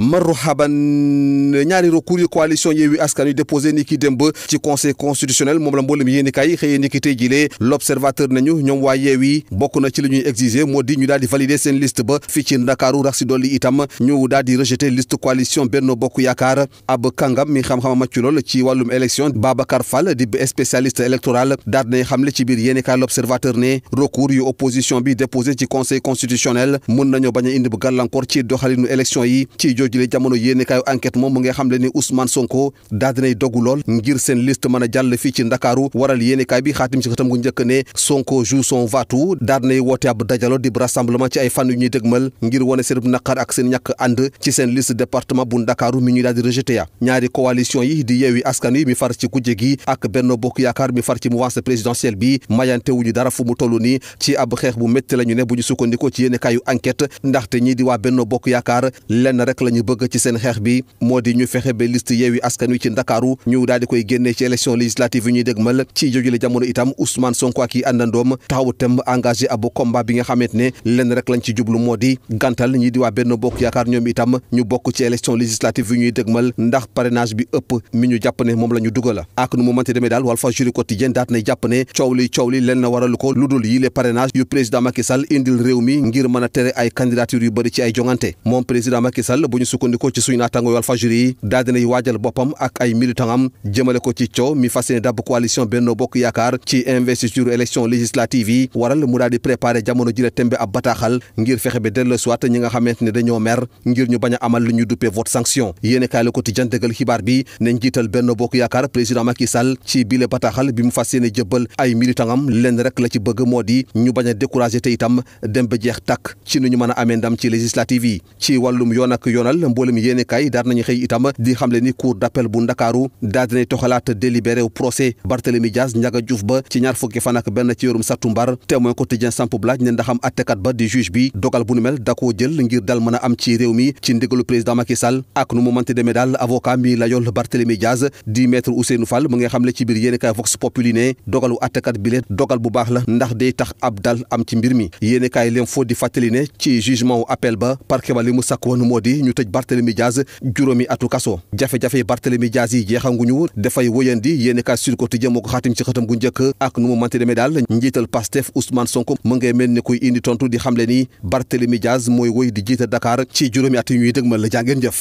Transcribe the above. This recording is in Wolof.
marhaban ñaari recours yu coalition Yewwi Askan Wi déposé ni ki démb ci conseil constitutionnel moom la mboolem yéen i kaay xëyee ni ki tey jilee l'observateur nañu ñoom waa Yewwi bokk na ci li ñuy exiger moo di ñu daal di valider seen liste ba fii ci Ndakaaru rax si dolli itam ñu daal di rejeter liste coalition Bokk Yaakaar ab kàngam mi xam xam a màcc lool ci wàllum élection Babacar Fall di spécialiste électoral daal xam xamle ci biir yéen i kaay l'observateur ne recours yu opposition bi déposé ci conseil constitutionnel mën nañoo bañ a indi bu gàllankoor ci doxalinu élection yi jëlee jamono yéene kaayu enquête moom mu ngi xam le ni Ousmane Sonko daa dinay dogu lool ngir seen liste mën a jàll fii ci Ndakaaru waral yéene kaay bi xaatim ci xëtam gu njëkk ne Sonko joue son va-tout daa woote ab dajalo di rassemblement ci ay fan yu ñuy dëgmal ngir wane seen naqar ak seen ñàkk ànd ci seen liste département bu Ndakaaru mu ñuy daal di rejeté ya ñaari coalition yi di Yewwi Askan Wi mi far ci kujje gi ak Benno Bokk Yaakaar mi far ci mouvance présidentielle bi mayante wuñu dara fu mu toll la ñu ne bu ñu sukkandikoo ci yéene kaayu enquête ndaxte ñii di waa Benno Bokk Yaakaar ñu bëgg ci seen xeex bi moo di ñu fexe ba liste Yewwi Askan Wi ci Ndakaaru ñu daal koy génnee ci élection législative yi ñuy dégmal ci jojule jamono itam Ousmane Sonko yi àndandoom taxawu temb engagé ab combat bi nga xamante ne lenn rek lañ ci jublu moo di gàntal ñi di waa Benno Bokk Yaakaar ñoom itam ñu bokk ci élection législative yi ñuy dégmal ndax parrainage bi ëpp mi ñu jàpp ne moom la ñu dugal ak nu mu mënti demee daal Walfadjri quotidien daat ko a ñu sukkandikoo ci suñu naataango yu Walfadjri yi daal dinay waajal boppam ak ay militant am jëmale ko daal di préparer jamono ji la tembe ab bataaxal ngir fexe ba dellu soit ñi nga ne dañoo mer ngir ñu bañ a amal li ñu duppee vote sanction yéene kaay Le Quotidien dëggal xibaar bi nañ jiital Benno Bokk Yaakaar président Macky Sall ci bile bataaxal bi mu fas yéene jëbbal ay militant am lenn rek la ci bëgg moo di ñu bañ a découragé te itam dem ba jeex takk ci nu ñu mën a amee ndam ci législative yi ci wàllum yoon ak yoon mboolem yéene kaay daar nañu itam di xamle ni cour d'appel bu ndakaaru daal dinay toxalaat délibéré procès Barthélemy Dias Ndiaga ba ci ñaar fukki fan ak benn ci yorum sattumbar témoin quotidien sampub laaj ne ndaxam attekat ba di juge bi dogal bu nu mel da koo jël ngir dal mën a am ci réew mi ci ndigalu président Macky ak nu mu mënti demee daal avocat mi la yol Barthélemy Dias di maître Ousseynou Fall mu nga xam ci biir yéene kaay vox tëj juróomi atu kaso jafe-jafe Barthélemy Diaz yi jeexanguñu dafay wëyandi yéeni kaa Sud Quotidien moo ko xaatim ci xëtam gu njëkk ak nu mu manti demee daal njiital Pastef Ousmane Sonko mu ngay mel ni kuy indi tontu di xamle ni Barthélemy Diaz mooy wëy di jiite Dakar ci juróomi at yi ñuy dëgmal la jàngeen jëf